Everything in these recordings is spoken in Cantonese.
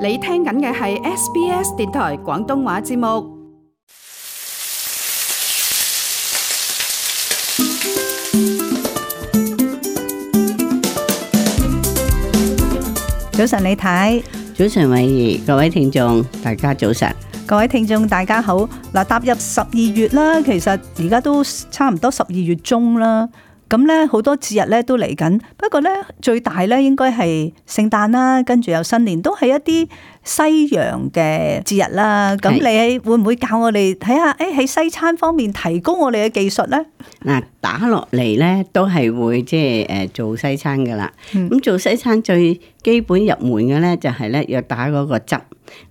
你聽緊嘅係 SBS 電台廣東話節目。早晨，李太。早晨，偉儀，各位聽眾，大家早晨。各位聽眾，大家好。嗱，踏入十二月啦，其實而家都差唔多十二月中啦。咁咧好多節日咧都嚟緊，不過咧最大咧應該係聖誕啦，跟住有新年，都係一啲西洋嘅節日啦。咁你會唔會教我哋睇下？誒喺西餐方面提高我哋嘅技術咧？嗱，打落嚟咧都係會即係誒做西餐㗎喇。咁做西餐最基本入門嘅咧就係咧要打嗰個汁。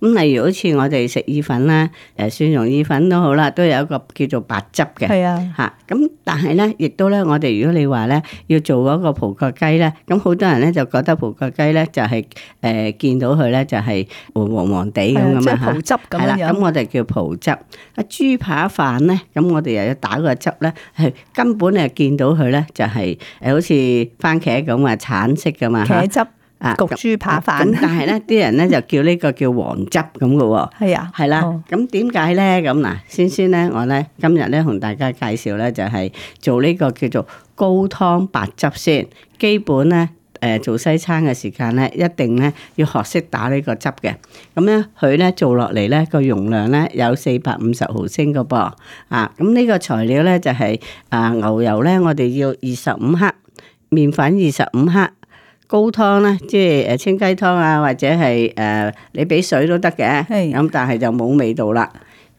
咁例如好似我哋食意粉啦，誒蒜蓉意粉都好啦，都有一個叫做白汁嘅。係啊，嚇咁，但係咧，亦都咧，我哋如果你話咧，要做嗰個葡國雞咧，咁好多人咧就覺得葡國雞咧就係、是、誒、呃、見到佢咧就係黃黃黃地咁咁啊嚇。就是、葡汁咁樣。啦、啊，咁我哋叫葡汁。阿豬扒飯咧，咁我哋又要打個汁咧，係根本誒見到佢咧就係誒好似番茄咁啊，橙色噶嘛。茄汁。焗豬扒飯， 但係咧啲人咧就叫呢個叫黃汁咁嘅喎。係啊，係啦。咁點解咧？咁嗱，先先咧，我咧今日咧同大家介紹咧就係做呢個叫做高湯白汁先。基本咧誒做西餐嘅時間咧，一定咧要學識打呢個汁嘅。咁咧佢咧做落嚟咧個容量咧有四百五十毫升嘅噃。啊，咁呢個材料咧就係啊牛油咧，我哋要二十五克，麵粉二十五克。高湯啦，即係誒清雞湯啊，或者係誒、呃、你俾水都得嘅，咁但係就冇味道啦。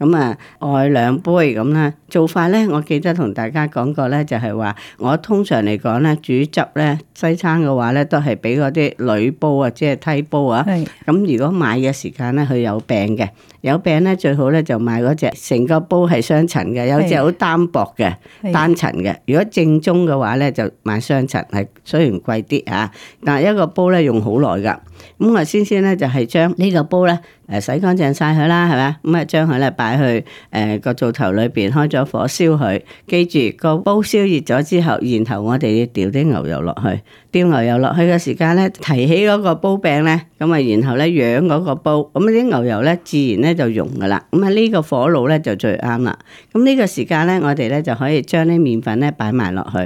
咁啊，外兩杯咁啦，做法咧，我記得同大家講過咧，就係、是、話，我通常嚟講咧，煮汁咧，西餐嘅話咧，都係俾嗰啲鋁煲啊，即係梯煲啊。咁是如果買嘅時間咧，佢有病嘅，有病咧，最好咧就買嗰隻成個煲係雙層嘅，有隻好單薄嘅是單層嘅。如果正宗嘅話咧，就買雙層，係雖然貴啲吓，但係一個煲咧用好耐㗎。咁我先先咧就係將呢個煲咧誒洗乾淨晒佢啦係咪？咁啊將佢咧擺去誒個灶頭裏邊，開咗火燒佢，記住個煲燒熱咗之後，然後我哋要調啲牛油落去，調牛油落去嘅時間咧，提起嗰個煲柄咧，咁啊然後咧養嗰個煲，咁啊啲牛油咧自然咧就溶噶啦，咁啊呢個火爐咧就最啱啦。咁呢個時間咧我哋咧就可以將啲麵粉咧擺埋落去，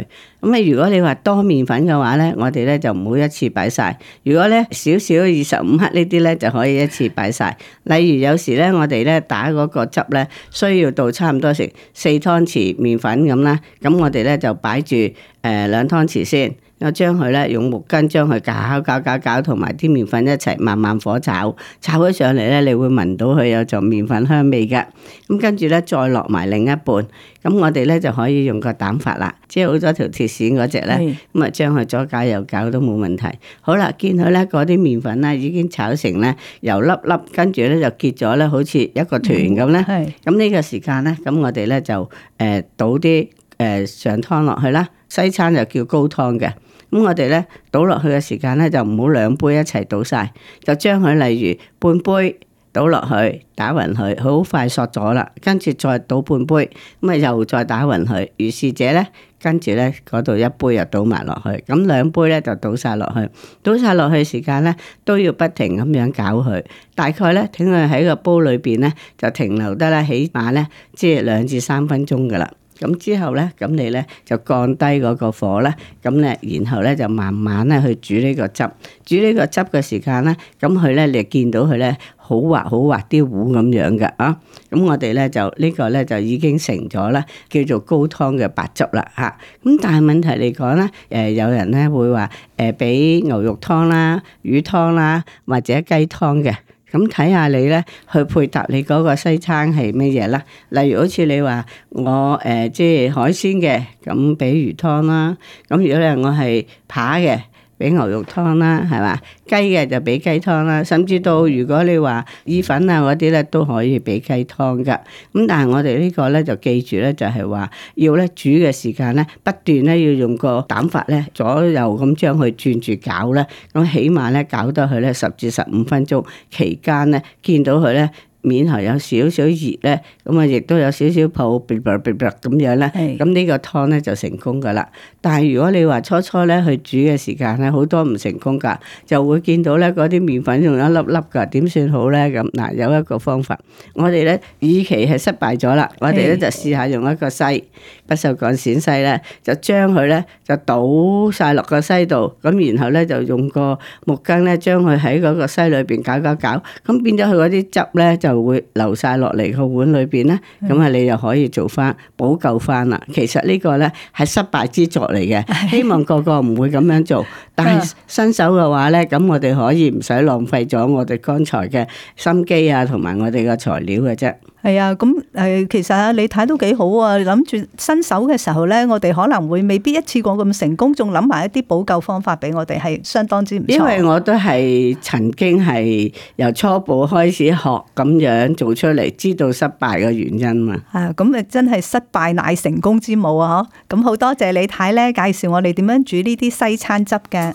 咁啊如果你話多麵粉嘅話咧，我哋咧就唔好一次擺晒，如果咧少。少二十五克呢啲呢就可以一次擺晒。例如有時呢，我哋呢打嗰個汁呢，需要到差唔多成四湯匙麵粉咁啦。咁我哋呢就擺住誒兩湯匙先。我將佢咧用木棍將佢攪攪攪攪同埋啲麵粉一齊慢慢火炒，炒咗上嚟咧，你會聞到佢有種麵粉香味㗎。咁跟住咧再落埋另一半，咁我哋咧就可以用個蛋拂啦，即係好多條鐵線嗰隻咧，咁啊將佢左攪右攪都冇問題。好啦，見佢咧嗰啲麵粉咧已經炒成咧油粒粒，跟住咧就結咗咧，好似一個團咁咧。咁呢個時間咧，咁我哋咧就誒倒啲誒上湯落去啦，西餐就叫高湯嘅。咁我哋咧倒落去嘅時間咧就唔好兩杯一齊倒晒，就將佢例如半杯倒落去打勻佢，好快索咗啦。跟住再倒半杯，咁啊又再打勻佢。如是者咧，跟住咧嗰度一杯又倒埋落去，咁兩杯咧就倒晒落去。倒晒落去時間咧都要不停咁樣攪佢，大概咧請佢喺個煲裏邊咧就停留得啦，起碼咧即係兩至三分鐘噶啦。咁之後咧，咁你咧就降低嗰個火啦，咁咧然後咧就慢慢咧去煮呢個汁，煮呢個汁嘅時間咧，咁佢咧你見到佢咧好滑好滑啲糊咁樣嘅啊，咁我哋咧就、這個、呢個咧就已經成咗啦，叫做高湯嘅白汁啦嚇。咁、啊、但係問題嚟講咧，誒、呃、有人咧會話誒俾牛肉湯啦、魚湯啦或者雞湯嘅。咁睇下你咧，去配搭你嗰個西餐係乜嘢啦？例如好似你話我誒，即、呃、係海鮮嘅，咁俾魚湯啦。咁如果咧，我係扒嘅。俾牛肉湯啦，係嘛？雞嘅就俾雞湯啦，甚至到如果你話意粉啊嗰啲咧，都可以俾雞湯噶。咁但係我哋呢個咧就記住咧，就係話要咧煮嘅時間咧不斷咧要用個膽法咧左右咁將佢轉住攪咧，咁起碼咧攪到佢咧十至十五分鐘期間咧見到佢咧。面頭有少少熱咧，咁啊亦都有少少泡，啵啵啵咁樣咧。咁呢個湯咧就成功噶啦。但係如果你話初初咧去煮嘅時間咧，好多唔成功噶，就會見到咧嗰啲麵粉用一粒粒噶，點算好咧？咁嗱有一個方法，我哋咧，與其係失敗咗啦，我哋咧就試下用一個篩不鏽鋼閃篩咧，就將佢咧就倒曬落個篩度，咁然後咧就用個木羹咧將佢喺嗰個篩裏邊攪攪攪，咁變咗佢嗰啲汁咧就～會流晒落嚟個碗裏邊咧，咁啊你又可以做翻補救翻啦。其實呢個咧係失敗之作嚟嘅， 希望個個唔會咁樣做。但係新手嘅話咧，咁我哋可以唔使浪費咗我哋剛才嘅心機啊，同埋我哋嘅材料嘅啫。係啊，咁誒，其實啊，李太都幾好啊。諗住新手嘅時候呢，我哋可能會未必一次過咁成功，仲諗埋一啲補救方法俾我哋，係相當之唔錯。因為我都係曾經係由初步開始學咁樣做出嚟，知道失敗嘅原因嘛。啊，咁啊，真係失敗乃成功之母啊！嗬，咁好多謝李太呢，介紹我哋點樣煮呢啲西餐汁嘅。